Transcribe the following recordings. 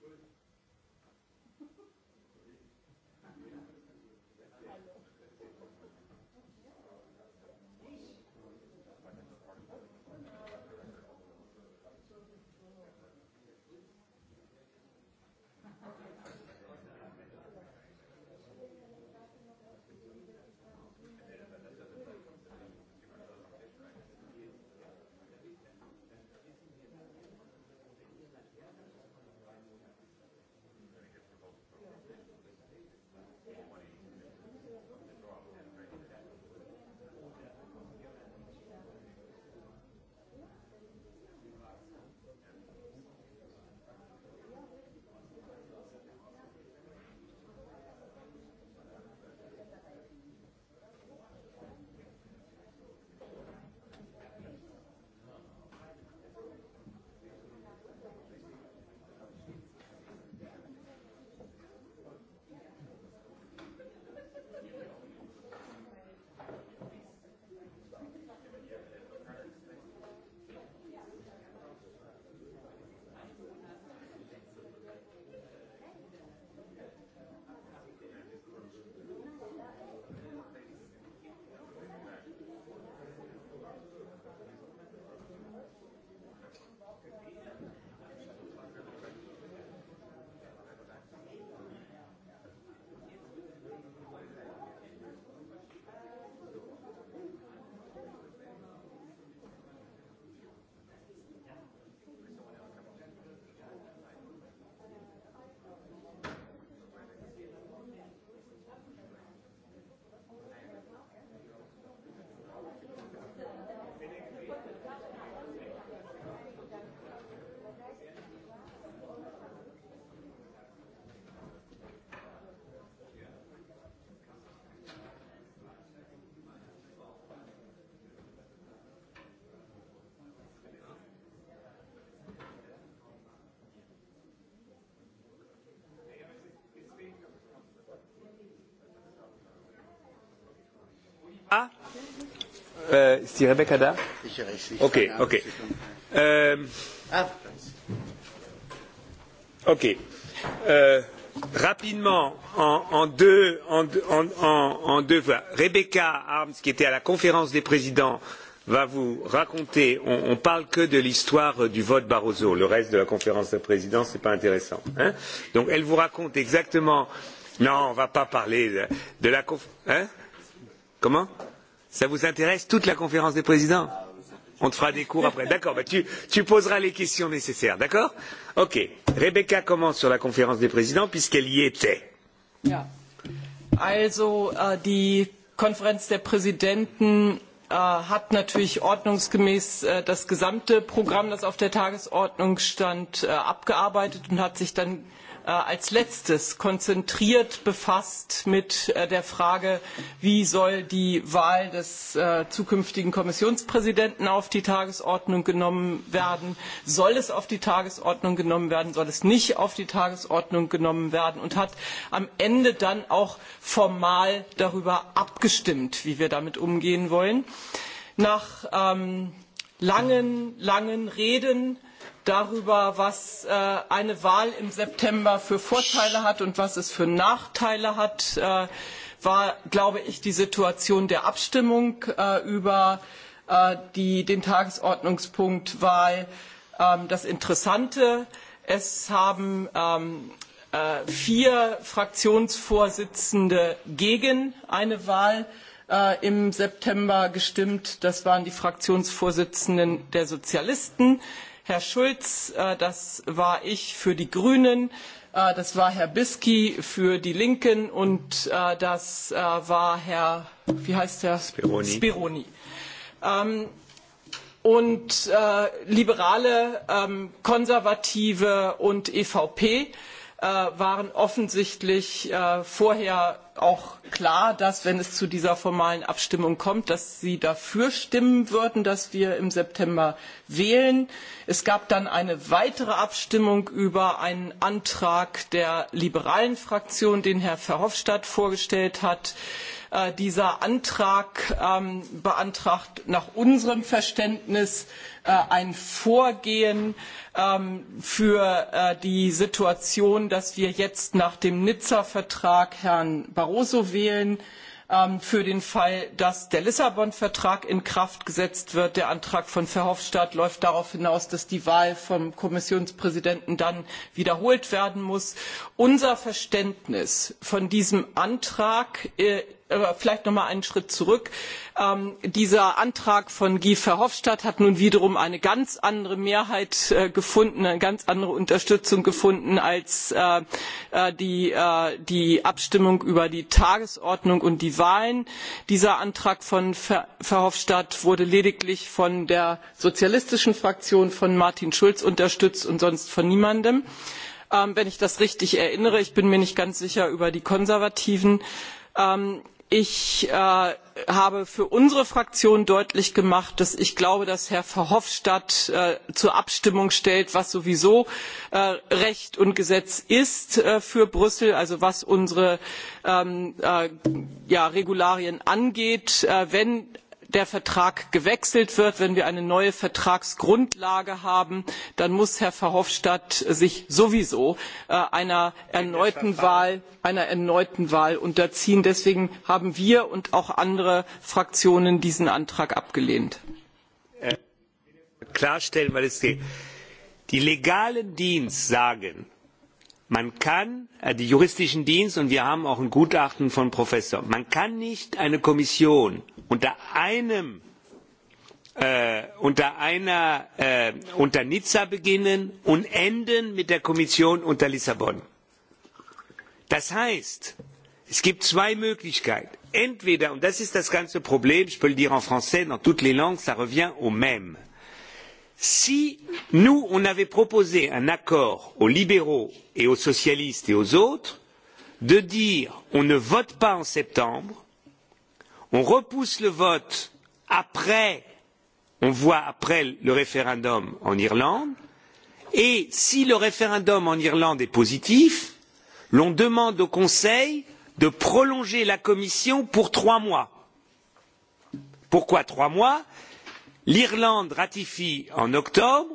джой Äh, euh, ist die Rebecca da? Okay, okay. Ähm, okay. Äh, rapidement en, en, deux, en, en, en, en deux fois. Rebecca Arms, qui était à la conférence des présidents, va vous raconter. On, on parle que de l'histoire du vote Barroso. Le reste de la conférence des présidents, c'est pas intéressant. Hein Donc elle vous raconte exactement. Non, on va pas parler de, de la conférence. Hein Comment Ça vous intéresse toute la conférence des présidents On te fera des cours après. D'accord, bah tu, tu poseras les questions nécessaires, d'accord Ok. Rebecca commence sur la conférence des présidents puisqu'elle y était. Ja. Also äh, die Konferenz der Präsidenten äh, hat natürlich ordnungsgemäß äh, das gesamte Programm, das auf der Tagesordnung stand, äh, abgearbeitet und hat sich dann äh, Äh, als letztes konzentriert befasst mit äh, der frage wie soll die wahl des äh, zukünftigen kommissionspräsidenten auf die tagesordnung genommen werden soll es auf die tagesordnung genommen werden soll es nicht auf die tagesordnung genommen werden und hat am ende dann auch formal darüber abgestimmt wie wir damit umgehen wollen. nach ähm, langen langen reden darüber was äh, eine wahl im september für vorteile hat und was sie für nachteile hat äh, war glaube ich die situation der abstimmung äh, über den tagesordnungspunkt wahl ähm, das interessante. es haben ähm, vier fraktionsvorsitzende gegen eine wahl im september gestimmt das waren die fraktionsvorsitzenden der sozialisten herr schulz äh, das war ich für die grünen äh, das war herr bisky für die linken und äh, das war herr wie heißt er speroni. speroni. Ähm, und liberale ähm, konservative und evp Äh, waren offensichtlich äh, vorher auch klar dass wenn es zu dieser formalen abstimmung kommt sie dafür stimmen würden dass wir im september wählen. es gab dann eine weitere abstimmung über einen antrag der liberalen fraktion den herr verhofstadt vorgestellt hat äh, dieser Antrag ähm, beantragt nach unserem Verständnis äh, ein Vorgehen ähm, für äh, die Situation, dass wir jetzt nach dem Nizza-Vertrag Herrn Barroso wählen, ähm, für den Fall, dass der Lissabon-Vertrag in Kraft gesetzt wird. Der Antrag von Verhofstadt läuft darauf hinaus, dass die Wahl vom Kommissionspräsidenten dann wiederholt werden muss. Unser Verständnis von diesem Antrag äh, Äh, vielleicht noch mal einen schritt zurück ähm, dieser antrag von guy verhofstadt hat nun wiederum eine ganz andere mehrheit äh, gefunden eine ganz andere unterstützung gefunden als äh, äh, die, äh, die abstimmung über die tagesordnung und die wahlen. dieser antrag von Ver verhofstadt wurde lediglich von der sozialistischen fraktion von martin schulz unterstützt und sonst von niemandem ähm, wenn ich das richtig erinnere ich bin mir nicht ganz sicher über die konservativen. Ähm, ich äh, habe für unsere fraktion deutlich gemacht dass ich glaube dass herr verhofstadt äh, zur abstimmung stellt was sowieso äh, recht und gesetz ist äh, für brüssel also was unsere ähm, äh, ja, regularien angeht. Äh, wenn der vertrag gewechselt wird wenn wir eine neue vertragsgrundlage haben dann muss herr verhofstadt sich sowieso äh, einer erneuten wahl, einer erneuten wahl unterziehen. deswegen haben wir und auch andere fraktionen diesen antrag abgelehnt. Äh, klarstellen weil es die, die legalen dienst sagen man kann äh, die juristischen dienst und wir haben auch ein gutachten von professor man kann nicht eine kommission unter einem äh, unter einer äh, unter nizza beginnen und enden mit der kommission unter lissabon das heißt es gibt zwei möglichkeiten entweder und das ist das ganze problem je peux le dire en français dans toutes les langues ça revient au même si nous on avait proposé un accord aux libéraux et aux socialistes et aux autres de dire on ne vote pas en septembre on repousse le vote après on voit après le référendum en irlande et si le référendum en irlande est positif l'on demande au conseil de prolonger la commission pour trois mois. pourquoi trois mois? l'irlande ratifie en octobre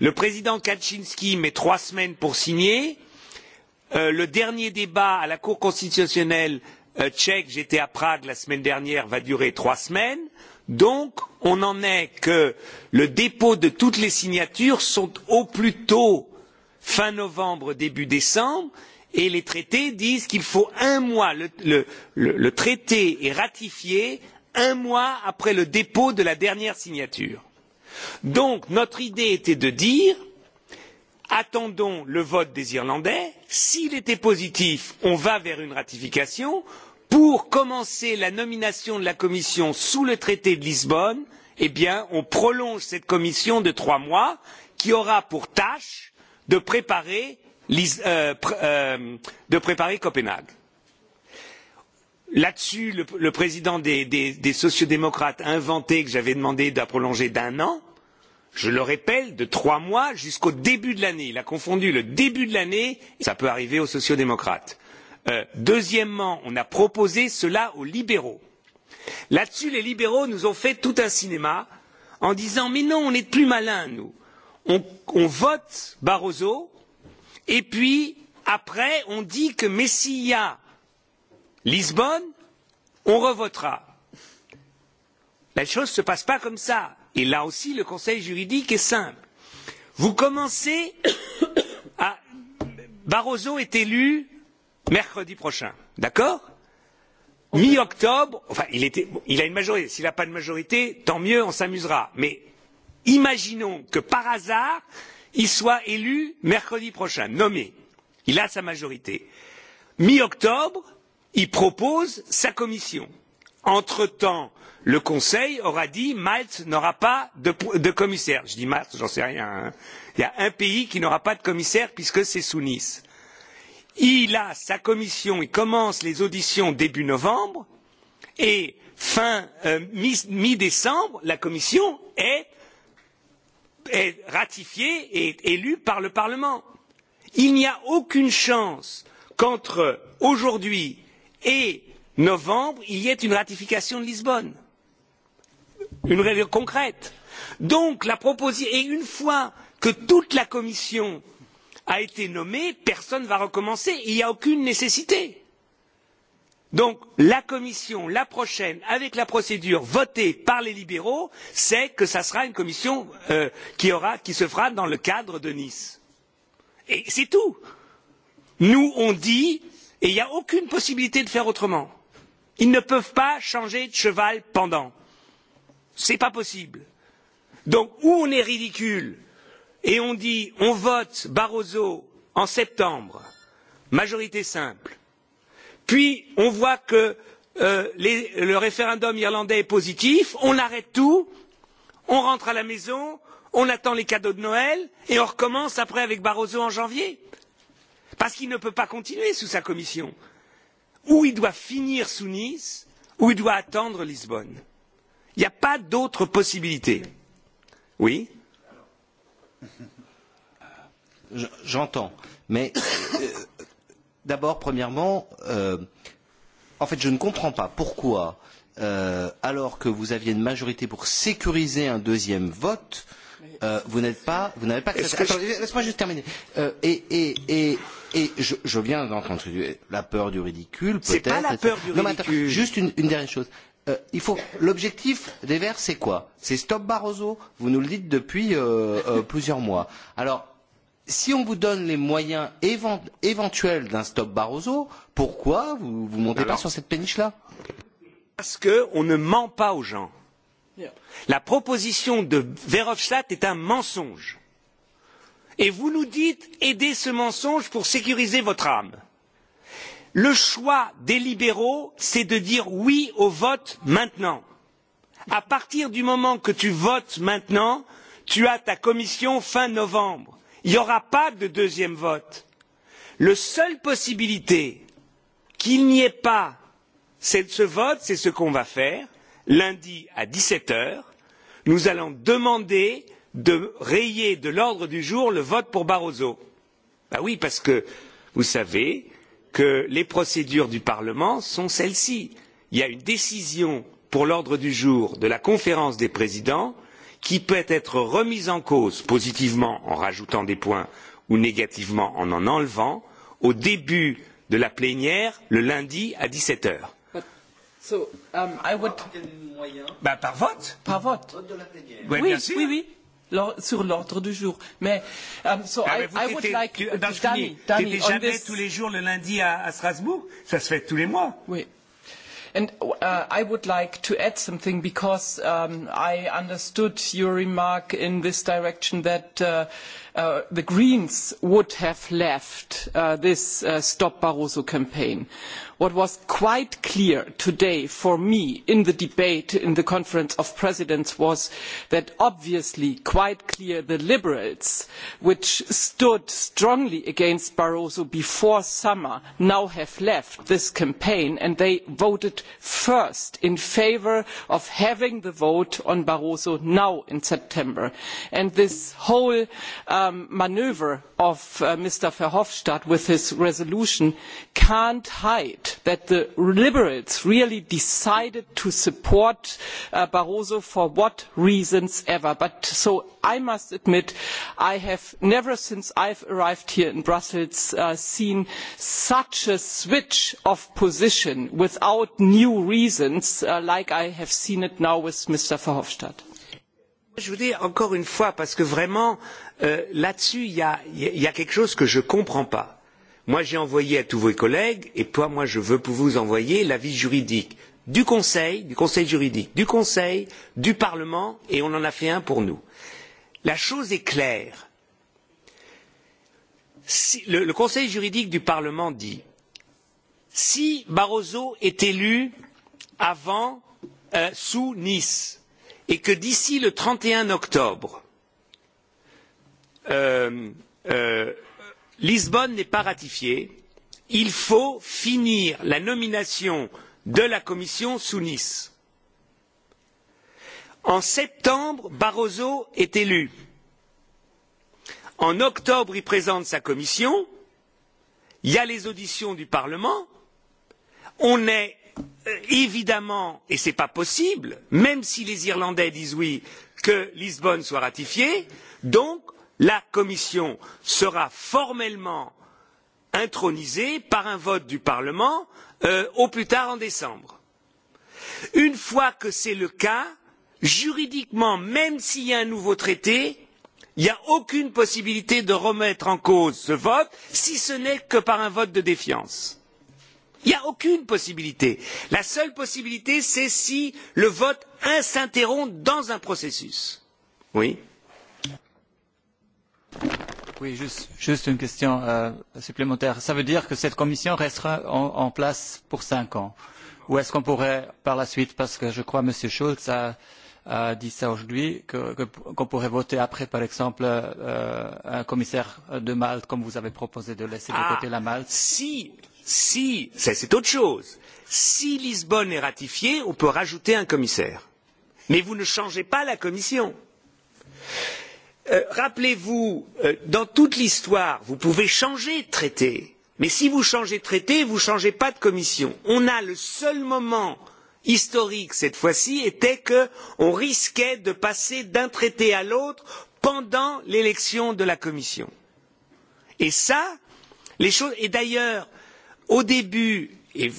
le président kaczyski met trois semaines pour signer euh, le dernier débat à la cour constitutionnelle euh, tchèque j'étais à prague la semaine dernière va durer trois semaines donc on en est que le dépôt de toutes les signatures sont au plus tôt fin novembre début décembre et les traités disent qu'il faut un mois le, le, le, le traité est ratifié un mois après le dépôt de la dernière signature. donc notre idée était de dire attendons le vote des irlandais s'il était positif on va vers une ratification pour commencer la nomination de la commission sous le traité de lisbonne eh bien on prolonge cette commission de trois mois qui aura pour tâche de préparer, euh, pr euh, de préparer copenhague. Là-dessus, le, le président des, des, des sociodémocrates a inventé que j'avais demandé de la prolonger d'un an. Je le rappelle, de trois mois jusqu'au début de l'année. Il a confondu le début de l'année. Ça peut arriver aux sociodémocrates. Euh, deuxièmement, on a proposé cela aux libéraux. Là-dessus, les libéraux nous ont fait tout un cinéma en disant mais non, on est plus malins, nous. On, on vote Barroso et puis après, on dit que Messia Lisbonne, on revotera. La chose ne se passe pas comme ça. Et là aussi, le conseil juridique est simple. Vous commencez à. Barroso est élu mercredi prochain, d'accord Mi octobre, enfin il, était, bon, il a une majorité, s'il n'a pas de majorité, tant mieux, on s'amusera. Mais imaginons que par hasard, il soit élu mercredi prochain, nommé. Il a sa majorité. Mi octobre, il propose sa commission. entre temps le conseil aura dit malte n'aura pas de, de commissaire je dis malte j'en sais rien hein. il y a un pays qui n'aura pas de commissaire puisque c'est sous nice. il a sa commission il commence les auditions début novembre et fin euh, mi, mi décembre la commission est, est ratifiée et élue par le parlement. il n'y a aucune chance qu'entre aujourd'hui et novembre, il y ait une ratification de Lisbonne. Une réunion concrète. Donc, la proposition, et une fois que toute la commission a été nommée, personne ne va recommencer, il n'y a aucune nécessité. Donc, la commission, la prochaine, avec la procédure votée par les libéraux, c'est que ça sera une commission euh, qui, aura, qui se fera dans le cadre de Nice. Et c'est tout. Nous, on dit, et il n'y a aucune possibilité de faire autrement. Ils ne peuvent pas changer de cheval pendant. Ce n'est pas possible. Donc, ou on est ridicule et on dit on vote Barroso en septembre, majorité simple, puis on voit que euh, les, le référendum irlandais est positif, on arrête tout, on rentre à la maison, on attend les cadeaux de Noël et on recommence après avec Barroso en janvier. Euh, parce qu'il ne peut pas continuer sous sa commission. Ou il doit finir sous Nice, ou il doit attendre Lisbonne. Il n'y a pas d'autre possibilité. Oui euh, J'entends. Mais euh, euh, d'abord, premièrement, euh, en fait, je ne comprends pas pourquoi, euh, alors que vous aviez une majorité pour sécuriser un deuxième vote, euh, vous n'êtes pas, vous n'avez pas. Que... Attendez, je... laisse-moi juste terminer. Euh, et, et, et Et je, je viens d'entendre la peur du ridicule, peut-être. C'est pas la peur du ridicule. Non, attends, juste une, une dernière chose. Euh, il faut l'objectif des Verts, c'est quoi C'est stop Barroso. Vous nous le dites depuis euh, euh, plusieurs mois. Alors, si on vous donne les moyens évent, éventuels d'un stop Barroso, pourquoi vous vous montez Alors, pas sur cette péniche là Parce que on ne ment pas aux gens. La proposition de Verhofstadt est un mensonge et vous nous dites aidez ce mensonge pour sécuriser votre âme. le choix des libéraux c'est de dire oui au vote maintenant. à partir du moment où tu votes maintenant tu as ta commission fin novembre il n'y aura pas de deuxième vote. la seule possibilité qu'il n'y ait pas ce vote c'est ce qu'on va faire lundi à dix sept heures nous allons demander de rayer de l'ordre du jour le vote pour Barroso. Ben oui, parce que vous savez que les procédures du Parlement sont celles ci. Il y a une décision pour l'ordre du jour de la conférence des présidents qui peut être remise en cause positivement en rajoutant des points ou négativement en en enlevant au début de la plénière le lundi à dix sept heures. So, um, I would... Bah, par vote. Par vote. vote de la plénière. Ouais, oui, bien sûr. oui, oui sur l'ordre du jour. Mais, um, so ah, I, mais I would like, tu, euh, non, Danny, Danny, t'étais jamais this... tous les jours le lundi à, à Strasbourg. Ça se fait tous les mois. Oui. And uh, I would like to add something because um, I understood your remark in this direction that uh, uh, the Greens would have left uh, this uh, Stop Barroso campaign. What was quite clear today for me in the debate in the Conference of Presidents was that obviously quite clear the Liberals, which stood strongly against Barroso before summer, now have left this campaign and they voted first in favour of having the vote on Barroso now in September. And this whole uh, um, manoeuvre of uh, Mr. Verhofstadt with his resolution can't hide that the Liberals really decided to support uh, Barroso for what reasons ever. But so I must admit, I have never since I've arrived here in Brussels uh, seen such a switch of position without new reasons uh, like I have seen it now with Mr. Verhofstadt. Je vous dis encore une fois, parce que vraiment, euh, là-dessus, il y a, y a quelque chose que je ne comprends pas. Moi, j'ai envoyé à tous vos collègues, et toi, moi, je veux vous envoyer l'avis juridique du Conseil, du Conseil juridique, du Conseil, du Parlement, et on en a fait un pour nous. La chose est claire. Si, le, le Conseil juridique du Parlement dit si Barroso est élu avant, euh, sous Nice, et que d'ici le 31 octobre, euh, euh, lisbonne n'est pas ratifiée il faut finir la nomination de la commission sous nice. en septembre barroso est élu en octobre il présente sa commission il y a les auditions du parlement on est euh, évidemment et ce n'est pas possible même si les irlandais disent oui que lisbonne soit ratifiée donc la commission sera formellement intronisée par un vote du parlement euh, au plus tard en décembre. une fois que c'est le cas juridiquement même s'il y a un nouveau traité il n'y a aucune possibilité de remettre en cause ce vote si ce n'est que par un vote de défiance. il n'y a aucune possibilité. la seule possibilité c'est si le vote s'interrompt dans un processus. oui? Oui, juste, juste une question euh, supplémentaire. Ça veut dire que cette commission restera en, en place pour cinq ans Ou est-ce qu'on pourrait, par la suite, parce que je crois M. Schulz a, a dit ça aujourd'hui, qu'on que, qu pourrait voter après, par exemple, euh, un commissaire de Malte, comme vous avez proposé de laisser de ah, côté la Malte Si, si, c'est autre chose. Si Lisbonne est ratifiée, on peut rajouter un commissaire. Mais vous ne changez pas la commission. Euh, Euh, rappelez vous euh, dans toute l'histoire vous pouvez changer de traité mais si vous changez de traité vous ne changez pas de commission. on a le seul moment historique cette fois ci était qu'on risquait de passer d'un traité à l'autre pendant l'élection de la commission. et ça les choses et d'ailleurs au début et euh,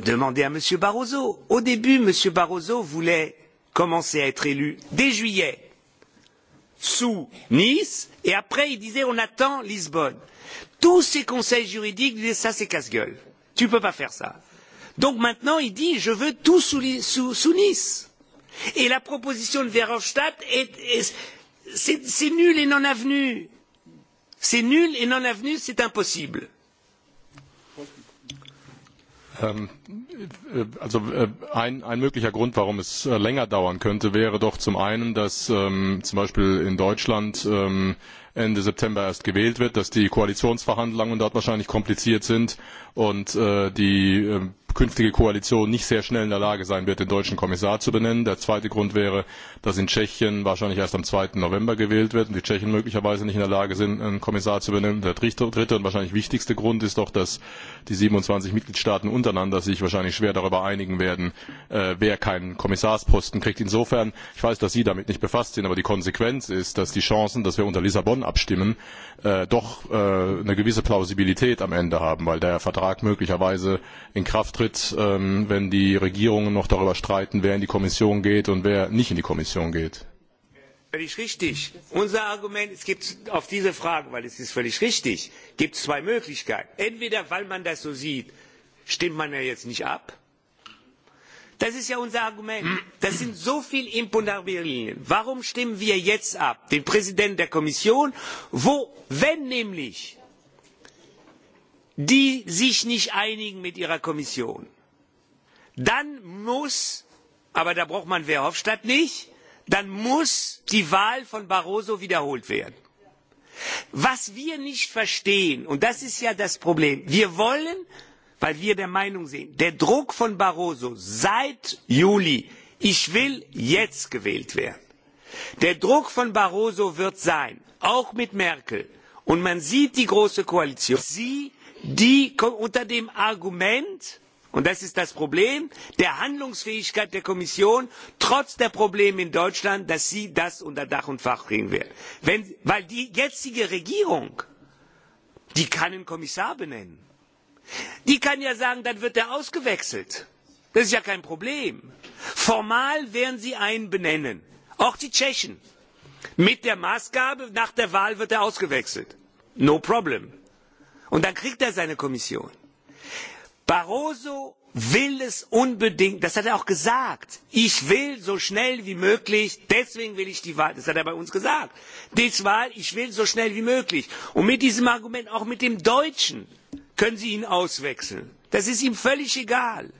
demandez à m. barroso au début m. barroso voulait commencer à être élu dès juillet sous Nice, et après il disait on attend Lisbonne. Tous ces conseils juridiques disaient ça c'est casse-gueule. Tu ne peux pas faire ça. Donc maintenant il dit je veux tout sous, sous, sous Nice. Et la proposition de Verhofstadt est, est c'est nul et non avenu. C'est nul et non avenu, c'est impossible Ähm, also äh, ein, ein möglicher Grund, warum es äh, länger dauern könnte, wäre doch zum einen, dass ähm, zum Beispiel in Deutschland ähm, Ende September erst gewählt wird, dass die Koalitionsverhandlungen dort wahrscheinlich kompliziert sind und äh, die äh, künftige Koalition nicht sehr schnell in der Lage sein wird, den deutschen Kommissar zu benennen. Der zweite Grund wäre, dass in Tschechien wahrscheinlich erst am 2. November gewählt wird und die Tschechen möglicherweise nicht in der Lage sind, einen Kommissar zu benennen. Der dritte und wahrscheinlich wichtigste Grund ist doch, dass die 27 Mitgliedstaaten untereinander sich wahrscheinlich schwer darüber einigen werden, äh, wer keinen Kommissarsposten kriegt. Insofern, ich weiß, dass Sie damit nicht befasst sind, aber die Konsequenz ist, dass die Chancen, dass wir unter Lissabon abstimmen, äh, doch äh, eine gewisse Plausibilität am Ende haben, weil der Vertrag möglicherweise in Kraft tritt Schritt, ähm, wenn die Regierungen noch darüber streiten, wer in die Kommission geht und wer nicht in die Kommission geht. Völlig richtig. Unser Argument, es gibt auf diese Frage, weil es ist völlig richtig, gibt es zwei Möglichkeiten. Entweder, weil man das so sieht, stimmt man ja jetzt nicht ab. Das ist ja unser Argument. Das sind so viele Imponderabilien. Warum stimmen wir jetzt ab, den Präsidenten der Kommission, wo, wenn nämlich die sich nicht einigen mit ihrer Kommission, dann muss, aber da braucht man Verhofstadt nicht, dann muss die Wahl von Barroso wiederholt werden. Was wir nicht verstehen, und das ist ja das Problem, wir wollen, weil wir der Meinung sind, der Druck von Barroso seit Juli, ich will jetzt gewählt werden. Der Druck von Barroso wird sein, auch mit Merkel, und man sieht die große Koalition, sie die unter dem argument und das ist das problem der handlungsfähigkeit der kommission trotz der probleme in deutschland dass sie das unter dach und fach kriegen wird. Wenn, weil die jetzige regierung die kann einen kommissar benennen die kann ja sagen dann wird er ausgewechselt das ist ja kein problem. formal werden sie einen benennen auch die tschechen mit der maßgabe nach der wahl wird er ausgewechselt no problem. Und dann kriegt er seine Kommission. Barroso will es unbedingt, das hat er auch gesagt, ich will so schnell wie möglich, deswegen will ich die Wahl, das hat er bei uns gesagt, die Wahl, ich will so schnell wie möglich. Und mit diesem Argument, auch mit dem Deutschen, können Sie ihn auswechseln. Das ist ihm völlig egal.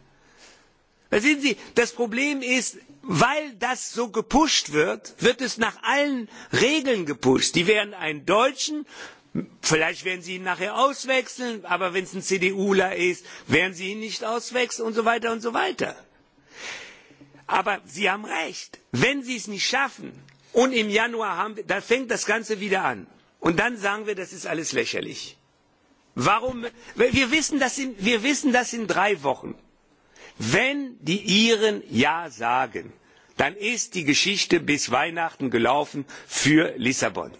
Da sehen Sie, das Problem ist, weil das so gepusht wird, wird es nach allen Regeln gepusht. Die wären einen Deutschen Vielleicht werden Sie ihn nachher auswechseln, aber wenn es ein CDUler ist, werden Sie ihn nicht auswechseln und so weiter und so weiter. Aber Sie haben recht, wenn Sie es nicht schaffen und im Januar haben, da fängt das Ganze wieder an. Und dann sagen wir, das ist alles lächerlich. Warum? Wir wissen das in, wir wissen das in drei Wochen. Wenn die Iren Ja sagen, dann ist die Geschichte bis Weihnachten gelaufen für Lissabon.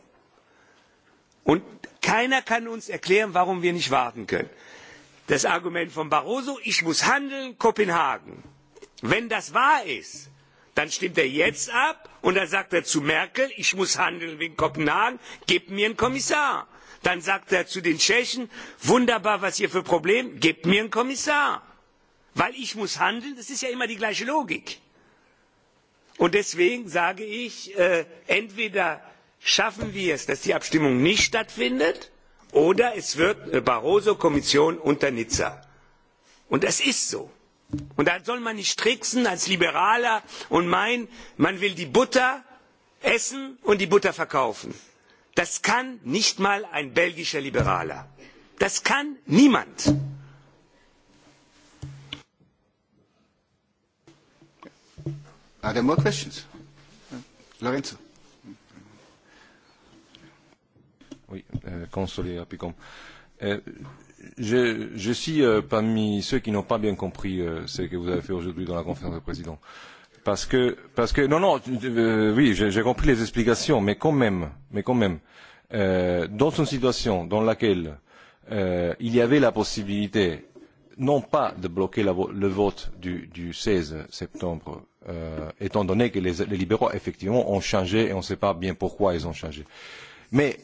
Und keiner kann uns erklären warum wir nicht warten können. das argument von barroso ich muss handeln kopenhagen wenn das wahr ist dann stimmt er jetzt ab und dann sagt er zu merkel ich muss handeln wegen kopenhagen gebt mir einen kommissar. dann sagt er zu den tschechen wunderbar was ihr für probleme habt gebt mir einen kommissar. weil ich muss handeln das ist ja immer die gleiche logik. und deswegen sage ich äh, entweder schaffen wir es dass die abstimmung nicht stattfindet oder es wird eine barroso kommission unter nizza. und das ist so. und da soll man nicht tricksen als liberaler und meinen man will die butter essen und die butter verkaufen. das kann nicht mal ein belgischer liberaler. das kann niemand. Are there more questions? Lorenzo. Oui, euh, consolé Apicom. Euh, je, je suis euh, parmi ceux qui n'ont pas bien compris euh, ce que vous avez fait aujourd'hui dans la conférence des présidents. Parce que, parce que, non, non, euh, oui, j'ai compris les explications, mais quand même, mais quand même, euh, dans une situation dans laquelle euh, il y avait la possibilité, non pas de bloquer la, le vote du, du 16 septembre, euh, étant donné que les, les libéraux, effectivement, ont changé et on ne sait pas bien pourquoi ils ont changé. Mais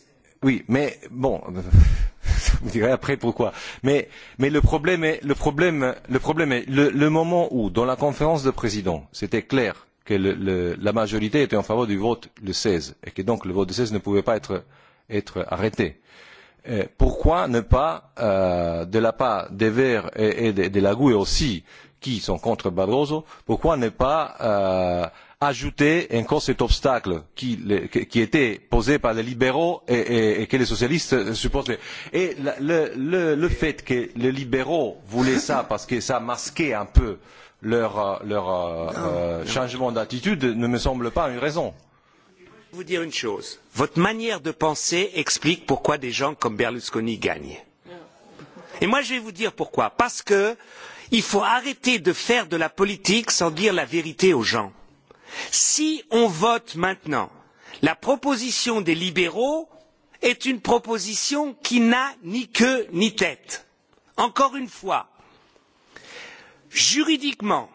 Oui, mais bon, vous direz après pourquoi. Mais, mais le problème est, le problème, le problème est, le, le moment où, dans la conférence de présidents, c'était clair que le, le, la majorité était en faveur du vote le 16 et que donc le vote le 16 ne pouvait pas être, être arrêté. Et euh, pourquoi ne pas, euh, de la part des Verts et, et de, de la GUE aussi, qui sont contre Barroso, pourquoi ne pas euh, ajouter encore cet obstacle qui, le, qui était posé par les libéraux et, et, et que les socialistes supportaient. Et le, le, le fait que les libéraux voulaient ça parce que ça masquait un peu leur, leur non, euh, non. Ah. Euh, changement d'attitude ne me semble pas une raison. Je vais vous dire une chose. Votre manière de penser explique pourquoi des gens comme Berlusconi gagnent. Et moi, je vais vous dire pourquoi. Parce que il faut arrêter de faire de la politique sans dire la vérité aux gens si on vote maintenant la proposition des libéraux est une proposition qui n'a ni queue ni tête. encore une fois juridiquement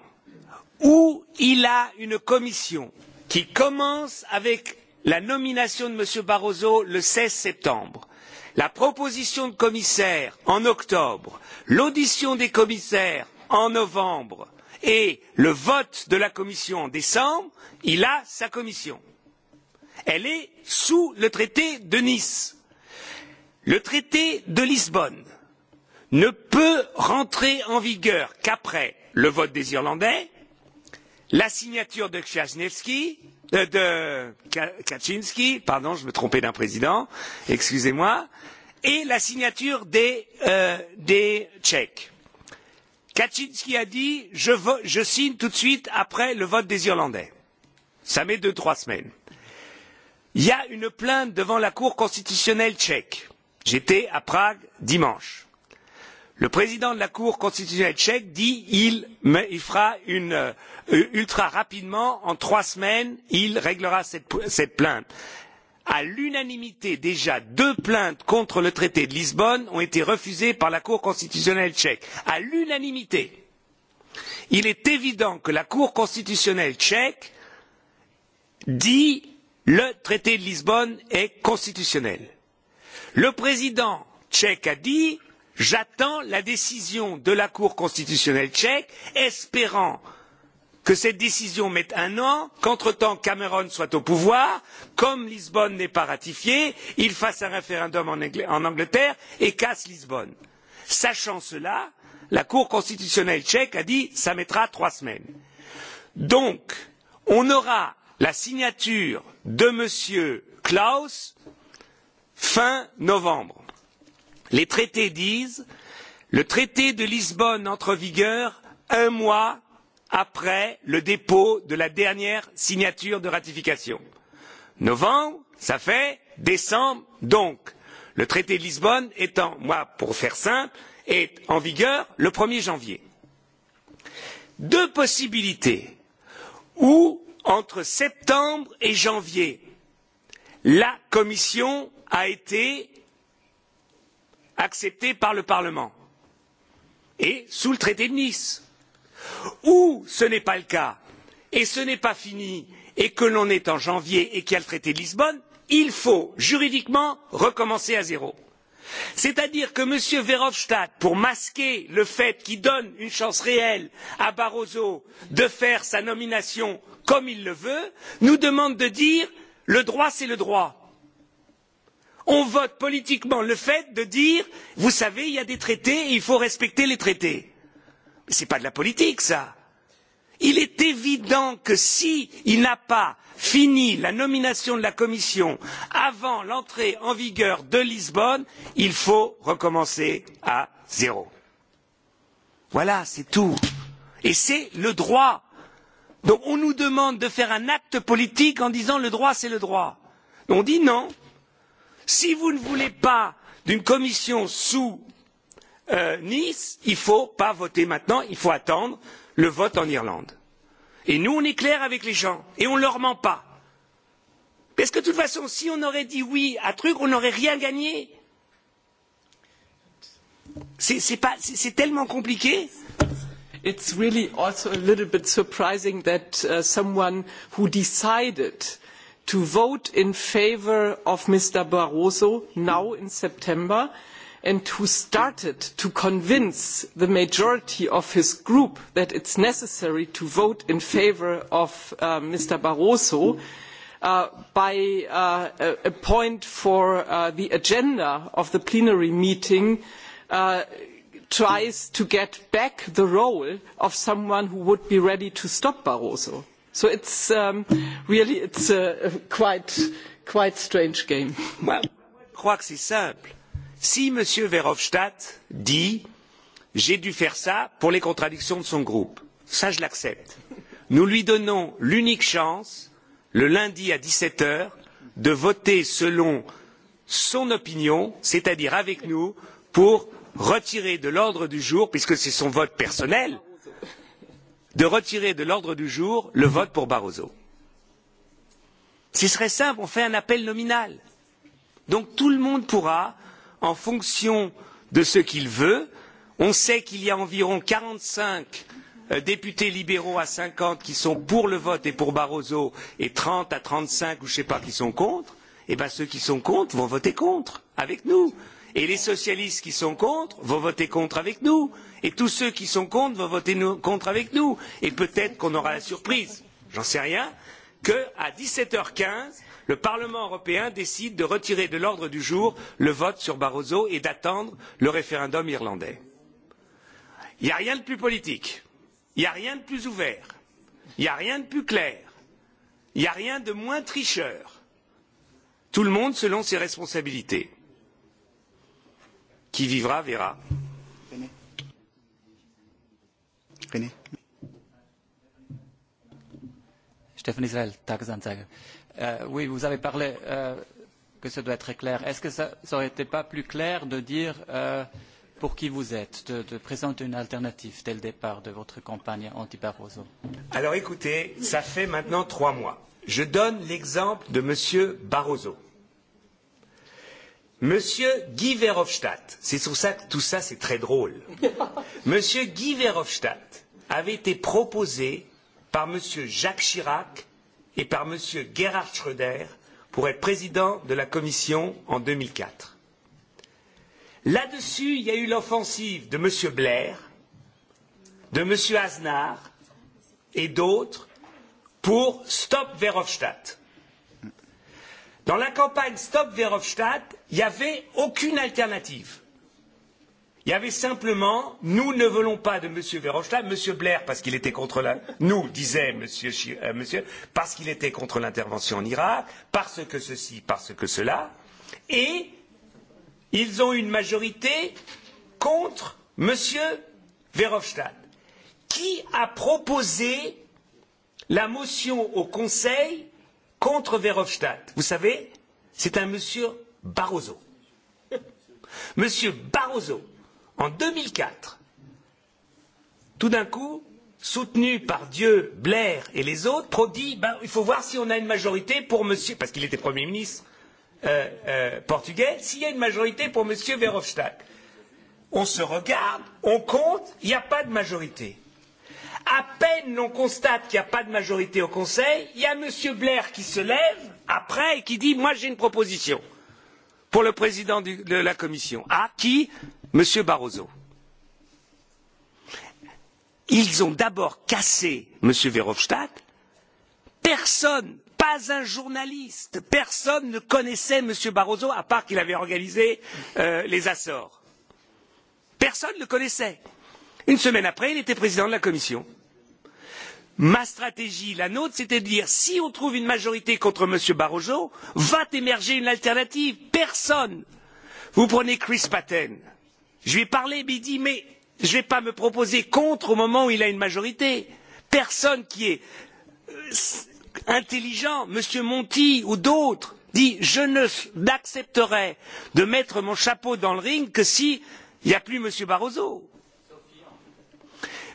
où il a une commission qui commence avec la nomination de m. barroso le seize septembre la proposition de commissaire en octobre l'audition des commissaires en novembre et le vote de la commission en décembre il a sa commission elle est sous le traité de nice. le traité de lisbonne ne peut rentrer en vigueur qu'après le vote des irlandais la signature de Kaczynski, euh, de Kaczynski, pardon, je me trompais d'un président, excusez-moi, et la signature des, euh, des Tchèques kaczynski a dit je, je signe tout de suite après le vote des irlandais. ça met deux trois semaines. il y a une plainte devant la cour constitutionnelle tchèque. j'étais à prague dimanche. le président de la cour constitutionnelle tchèque dit il, il fera une, euh, ultra rapidement en trois semaines il réglera cette, cette plainte à l'unanimité déjà deux plaintes contre le traité de lisbonne ont été refusées par la cour constitutionnelle tchèque à l'unanimité. il est évident que la cour constitutionnelle tchèque dit le traité de lisbonne est constitutionnel. le président tchèque a dit j'attends la décision de la cour constitutionnelle tchèque espérant que que cette décision mette un an qu'entre temps cameron soit au pouvoir comme lisbonne n'est pas ratifiée il fasse un référendum en angleterre et casse lisbonne. sachant cela la cour constitutionnelle tchèque a dit ça mettra trois semaines. donc on aura la signature de m. klaus fin novembre. les traités disent le traité de lisbonne entre en vigueur un mois après le dépôt de la dernière signature de ratification. Novembre, ça fait décembre donc. Le traité de Lisbonne étant, moi, pour faire simple, est en vigueur le 1er janvier. Deux possibilités ou entre septembre et janvier, la Commission a été acceptée par le Parlement et sous le traité de Nice ou ce n'est pas le cas et ce n'est pas fini et que l'on est en janvier et qu'il y a le traité de lisbonne il faut juridiquement recommencer à zéro. c'est à dire que m. verhofstadt pour masquer le fait qu'il donne une chance réelle à barroso de faire sa nomination comme il le veut nous demande de dire le droit c'est le droit. on vote politiquement le fait de dire vous savez il y a des traités et il faut respecter les traités ce n'est pas de la politique, ça. Il est évident que s'il si n'a pas fini la nomination de la Commission avant l'entrée en vigueur de Lisbonne, il faut recommencer à zéro. Voilà, c'est tout. Et c'est le droit. Donc on nous demande de faire un acte politique en disant le droit c'est le droit. On dit non. Si vous ne voulez pas d'une commission sous euh, Nice, il ne faut pas voter maintenant, il faut attendre le vote en Irlande. Et nous, on est clair avec les gens et on ne leur ment pas. Parce que de toute façon, si on aurait dit oui à truc, on n'aurait rien gagné. C'est tellement compliqué. It's really also a little bit surprising that uh, someone who decided to vote in favor of Mr. Barroso now in September and who started to convince the majority of his group that it is necessary to vote in favour of uh, mr barroso uh, by uh, a point for uh, the agenda of the plenary meeting uh, tries to get back the role of someone who would be ready to stop barroso. so it is um, really it's a, a quite, quite strange game. Well, je crois que c'est simple si m. verhofstadt dit j'ai dû faire ça pour les contradictions de son groupe ça je l'accepte nous lui donnons l'unique chance le lundi à dix sept heures de voter selon son opinion c'est à dire avec nous pour retirer de l'ordre du jour puisque c'est son vote personnel de retirer de l'ordre du jour le vote pour Barroso. Ce serait simple, on fait un appel nominal. Donc tout le monde pourra, en fonction de ce qu'il veut. on sait qu'il y a environ quarante cinq euh, députés libéraux à cinquante qui sont pour le vote et pour barroso et trente à trente cinq ou je ne sais pas qui sont contre eh bien ceux qui sont contre vont voter contre avec nous et les socialistes qui sont contre vont voter contre avec nous et tous ceux qui sont contre vont voter contre avec nous et peut être qu'on aura la surprise j'en sais rien qu'à dix sept heures quinze le parlement européen décide de retirer de l'ordre du jour le vote sur barroso et d'attendre le référendum irlandais. il n'y a rien de plus politique il n'y a rien de plus ouvert il n'y a rien de plus clair il n'y a rien de moins tricheur tout le monde selon ses responsabilités. qui vivra verra. René. René. Stéphane Israël, Taxanzag. Euh, oui, vous avez parlé euh, que ça doit être clair. Est-ce que ça n'aurait été pas plus clair de dire euh, pour qui vous êtes, de, de présenter une alternative dès le départ de votre campagne anti-Barroso Alors écoutez, ça fait maintenant trois mois. Je donne l'exemple de M. Barroso. Monsieur Guy Verhofstadt, c'est pour ça que tout ça c'est très drôle. Monsieur Guy Verhofstadt avait été proposé par M. Jacques Chirac et par M. Gerhard Schröder pour être président de la Commission en 2004. Là-dessus, il y a eu l'offensive de M. Blair, de M. Aznar et d'autres pour Stop Verhofstadt. Dans la campagne Stop Verhofstadt, il n'y avait aucune alternative Il y avait simplement, nous ne voulons pas de M. Verhofstadt, M. Blair, parce qu'il était contre la, nous, disait M. Euh, monsieur, parce qu'il était contre l'intervention en Irak, parce que ceci, parce que cela, et ils ont une majorité contre M. Verhofstadt, qui a proposé la motion au Conseil contre Verhofstadt. Vous savez, c'est un monsieur Barroso. Monsieur Barroso en 2004, tout d'un coup, soutenu par Dieu, Blair et les autres, Prodi, ben, il faut voir si on a une majorité pour monsieur, parce qu'il était Premier ministre euh, euh, portugais, s'il y a une majorité pour monsieur Verhofstadt. On se regarde, on compte, il n'y a pas de majorité. À peine l'on constate qu'il n'y a pas de majorité au Conseil, il y a monsieur Blair qui se lève après et qui dit Moi j'ai une proposition pour le président du, de la Commission. Ah, qui Monsieur Barroso, ils ont d'abord cassé Monsieur Verhofstadt. Personne, pas un journaliste, personne ne connaissait Monsieur Barroso à part qu'il avait organisé euh, les Açores. Personne ne le connaissait. Une semaine après, il était président de la Commission. Ma stratégie, la nôtre, c'était de dire si on trouve une majorité contre M. Barroso, va émerger une alternative. Personne. Vous prenez Chris Patten. Euh, je vais parler mais il dit mais je ne vais pas me proposer contre au moment où il a une majorité. personne qui est euh, intelligent m. monti ou d'autres dit je n'accepterai de mettre mon chapeau dans le ring que s'il n'y a plus m. barroso.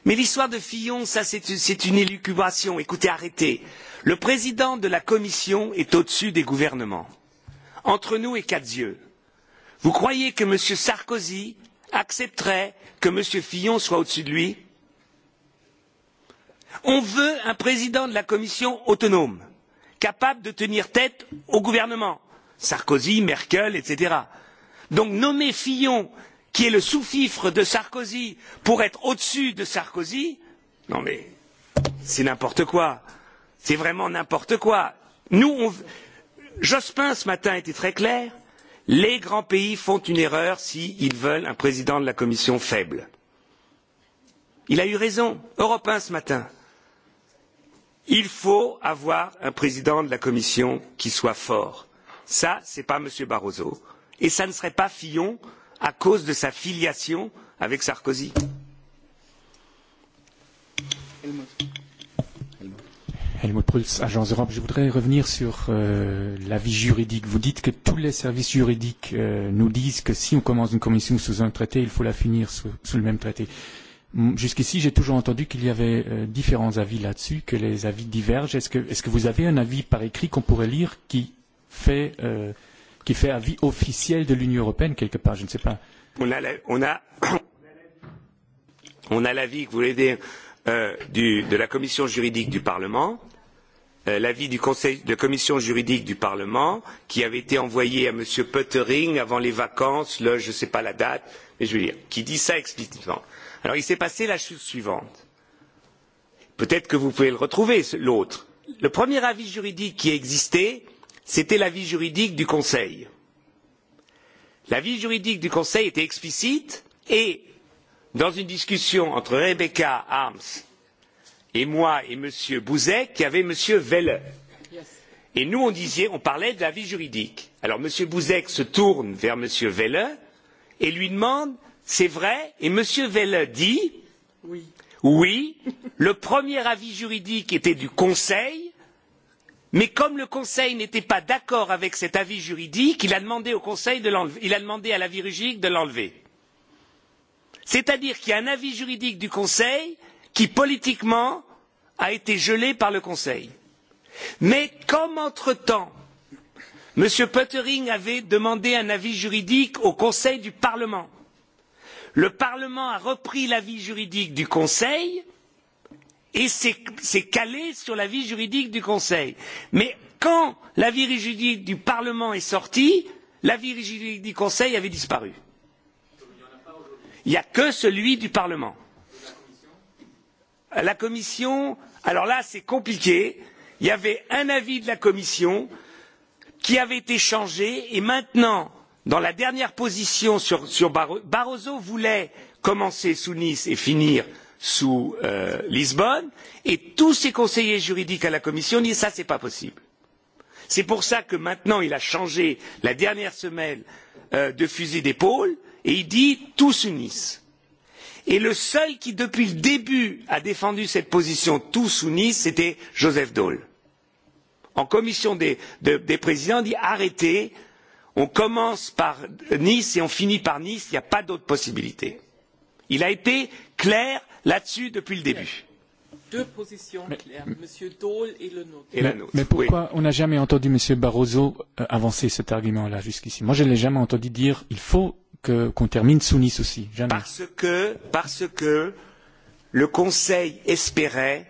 mais l'histoire de fillon c'est une élucubration écoutez arrêtez. le président de la commission est au dessus des gouvernements entre nous et quatre yeux. vous croyez que m. sarkozy accepterait que m. fillon soit au dessus de lui? on veut un président de la commission autonome capable de tenir tête au gouvernement sarkozy merkel etc. donc nommer fillon qui est le sous fifre de sarkozy pour être au dessus de sarkozy non mais c'est n'importe quoi c'est vraiment n'importe quoi. nous on... jospin ce matin était très clair les grands pays font une erreur s'ils veulent un président de la commission faible. il a eu raison europe un ce matin il faut avoir un président de la commission qui soit fort. ça ce n'est pas m. barroso et ça ne serait pas fillon à cause de sa filiation avec sarkozy. Helmut. Helmut Prulz, Agence Europe. Je voudrais revenir sur euh, l'avis juridique. Vous dites que tous les services juridiques euh, nous disent que si on commence une commission sous un traité, il faut la finir sous, sous le même traité. Jusqu'ici, j'ai toujours entendu qu'il y avait euh, différents avis là-dessus, que les avis divergent. Est-ce que, est que vous avez un avis par écrit qu'on pourrait lire qui fait, euh, qui fait avis officiel de l'Union européenne quelque part Je ne sais pas. On a, la, on a, on a l'avis que vous voulez dire euh, du, de la commission juridique du Parlement. Euh, Euh, l'avis du conseil de commission juridique du Parlement qui avait été envoyé à M. Pottering avant les vacances, le je ne sais pas la date, mais je veux dire, qui dit ça explicitement. Alors il s'est passé la chose suivante. Peut-être que vous pouvez le retrouver, l'autre. Le premier avis juridique qui existait, c'était l'avis juridique du Conseil. L'avis juridique du Conseil était explicite et, dans une discussion entre Rebecca Harms et moi et m. buzek qu'il y avait m. welle et nous on disait on parlait de l'avis juridique. alors m. buzek se tourne vers m. welle et lui demande c'est vrai et m. welle dit oui. oui le premier avis juridique était du conseil mais comme le conseil n'était pas d'accord avec cet avis juridique il a demandé au conseil de il a demandé à l'avis juridique de l'enlever. c'est à dire qu'il y a un avis juridique du conseil qui politiquement a été gelé par le conseil. mais comme entre temps m. pöttering avait demandé un avis juridique au conseil du parlement le parlement a repris l'avis juridique du conseil et s'est calé sur l'avis juridique du conseil. mais quand l'avis juridique du parlement est sorti l'avis juridique du conseil avait disparu. il n'y a que celui du parlement. Euh, la commission alors là c'est compliqué il y avait un avis de la commission qui avait été changé et maintenant dans la dernière position sur, sur Barroso, Barroso voulait commencer sous Nice et finir sous euh, Lisbonne, et tous ses conseillers juridiques à la Commission disent ça c'est pas possible. C'est pour ça que maintenant il a changé la dernière semaine euh, de fusil d'épaule et il dit tous unissent et le seul qui depuis le début a défendu cette position tout soumise c'était joseph daul. en commission des, de, des présidents on dit arrêtez on commence par nice et on finit par nice il n'y a pas d'autre possibilité. il a été clair là dessus depuis le début. Deux positions mais, claires, M. Daul et le nôtre. Et la nôtre. Mais pourquoi oui. on n'a jamais entendu M. Barroso euh, avancer cet argument-là jusqu'ici Moi, je ne l'ai jamais entendu dire il faut qu'on qu termine sous Nice aussi. Jamais. Parce que, parce que le Conseil espérait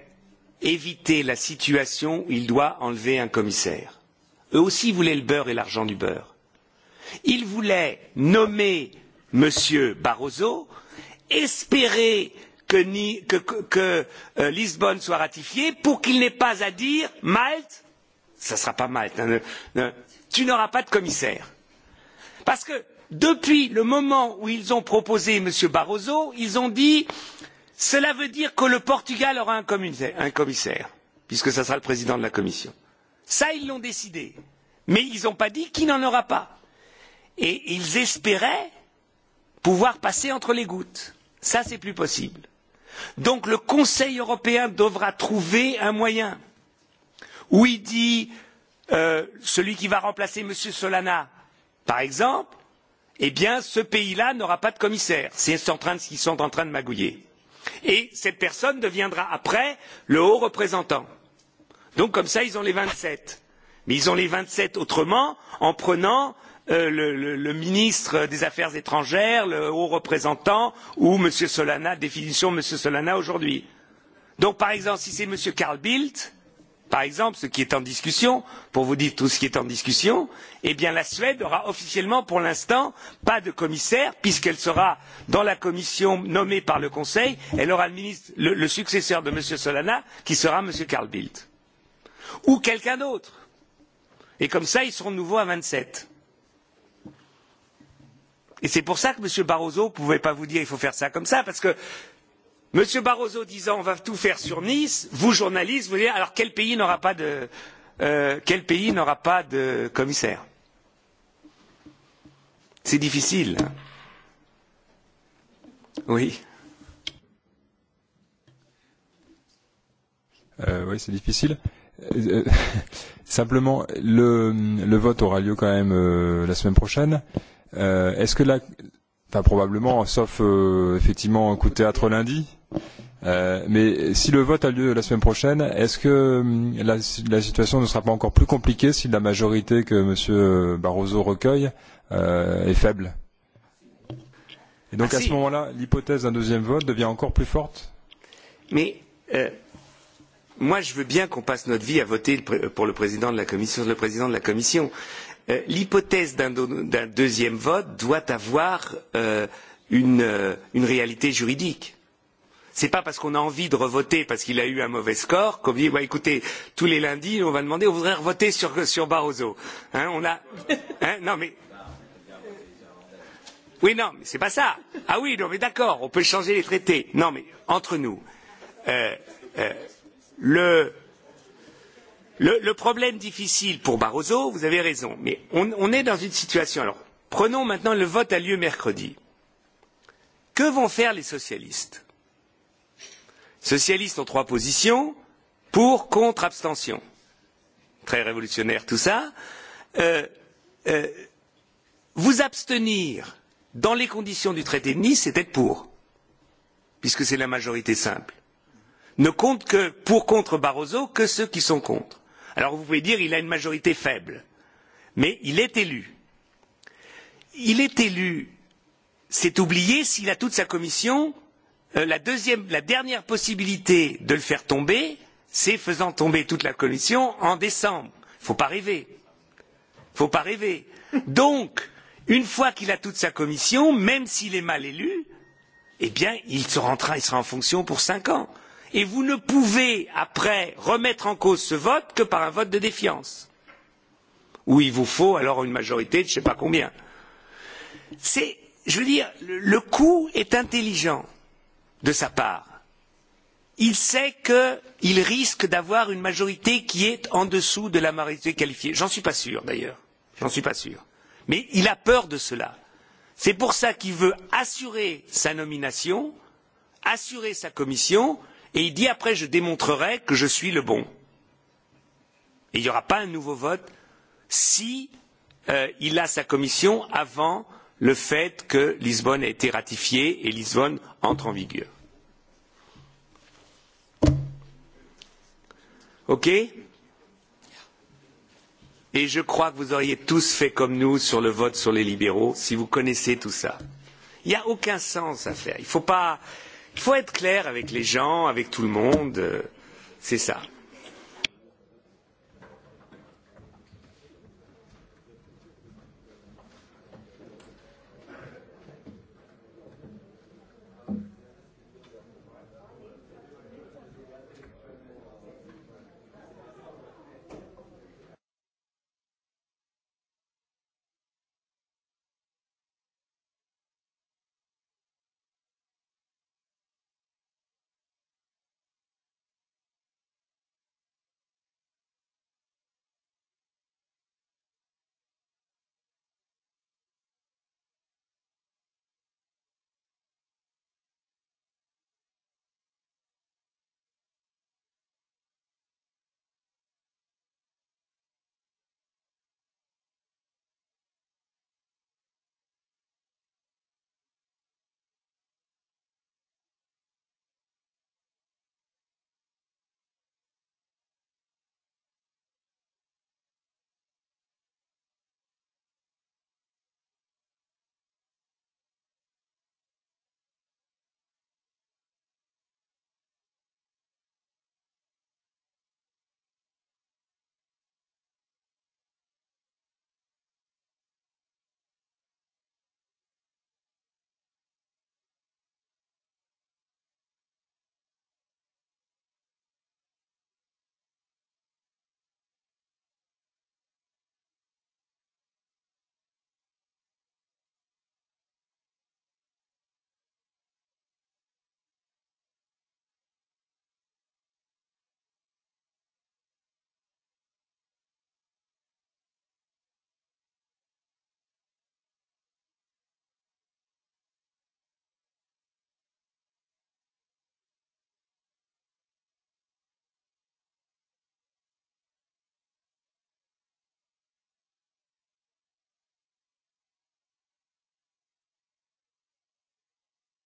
éviter la situation où il doit enlever un commissaire. Eux aussi voulaient le beurre et l'argent du beurre. Ils voulaient nommer M. Barroso, espérer que, ni, que, que, que euh, Lisbonne soit ratifiée pour qu'il n'ait pas à dire Malte, ça ne sera pas Malte, hein, ne, ne, tu n'auras pas de commissaire. Parce que depuis le moment où ils ont proposé m. barroso ils ont dit cela veut dire que le portugal aura un commissaire puisque ce sera le président de la commission. ça ils l'ont décidé mais ils n'ont pas dit qu'il n'en aura pas et ils espéraient pouvoir passer entre les gouttes. ça c'est plus possible. donc le conseil européen devra trouver un moyen où il dit euh, celui qui va remplacer m. solana par exemple eh bien ce pays là n'aura pas de commissaire c'est ce qu'ils sont en train de magouiller et cette personne deviendra après le haut représentant. donc comme ça ils ont les vingt sept mais ils ont les vingt sept autrement en prenant euh, le, le, le ministre des affaires étrangères le haut représentant ou m. solana définition de m. solana aujourd'hui. donc par exemple si c'est m. carl bildt par exemple ce qui est en discussion pour vous dire tout ce qui est en discussion eh bien la suède n'aura officiellement pour l'instant pas de commissaire puisqu'elle sera dans la commission nommée par le conseil elle aura le, ministre, le, le successeur de m. solana qui sera m. carl bildt ou quelqu'un d'autre et comme ça ils seront de nouveau à vingt sept. Et c'est pour ça que M. Barroso ne pouvait pas vous dire il faut faire ça comme ça, parce que m. barroso disant on va tout faire sur nice vous journalistes vous dites alors quel pays n'aura pas de euh, quel pays n'aura pas de commissaire? c'est difficile. oui. Euh, oui, c'est difficile. Euh, euh simplement, le, le vote aura lieu quand même euh, la semaine prochaine. Euh, Est-ce que là, enfin probablement, sauf euh, effectivement coup de théâtre lundi, euh, Euh, mais si le vote a lieu la semaine prochaine, est-ce que hum, la, la situation ne sera pas encore plus compliquée si la majorité que M. Barroso recueille euh, est faible Et donc ah, à si. ce moment-là, l'hypothèse d'un deuxième vote devient encore plus forte Mais euh, moi, je veux bien qu'on passe notre vie à voter le pour le président de la commission, le président de la commission. Euh, L'hypothèse d'un deuxième vote doit avoir euh, une, euh, une réalité juridique Ce n'est pas parce qu'on a envie de revoter parce qu'il a eu un mauvais score qu'on dit bah, écoutez, tous les lundis, on va demander on voudrait revoter sur, sur Barroso. Hein, on a... hein, non, mais Oui, non, mais c'est pas ça. Ah oui, non, mais d'accord, on peut changer les traités. Non, mais entre nous, euh, euh, le, le, le problème difficile pour Barroso, vous avez raison, mais on, on est dans une situation. Alors, prenons maintenant le vote a lieu mercredi. Que vont faire les socialistes socialistes ont trois positions pour, contre, abstention. Très révolutionnaire tout ça. Euh, euh, vous abstenir dans les conditions du traité de Nice, c'est être pour, puisque c'est la majorité simple. Ne compte que pour contre Barroso que ceux qui sont contre. Alors vous pouvez dire il a une majorité faible, mais il est élu. Il est élu, c'est oublié s'il a toute sa commission Euh, la, deuxième, la dernière possibilité de le faire tomber, c'est faisant tomber toute la commission en décembre. Faut pas rêver. Faut pas rêver. Donc, une fois qu'il a toute sa commission, même s'il est mal élu, eh bien, il sera en, train, il sera en fonction pour cinq ans. Et vous ne pouvez, après, remettre en cause ce vote que par un vote de défiance. Où il vous faut alors une majorité de je ne sais pas combien. C'est, je veux dire, le, le coût est intelligent de sa part. Il sait qu'il risque d'avoir une majorité qui est en dessous de la majorité qualifiée. J'en suis pas sûr d'ailleurs. J'en suis pas sûr. Mais il a peur de cela. C'est pour ça qu'il veut assurer sa nomination, assurer sa commission, et il dit après je démontrerai que je suis le bon. Et il n'y aura pas un nouveau vote si euh, il a sa commission avant le fait que Lisbonne ait été ratifiée et Lisbonne entre en vigueur. OK Et je crois que vous auriez tous fait comme nous sur le vote sur les libéraux, si vous connaissez tout ça. Il n'y a aucun sens à faire. Il faut, pas... Il faut être clair avec les gens, avec tout le monde. Euh, c'est ça.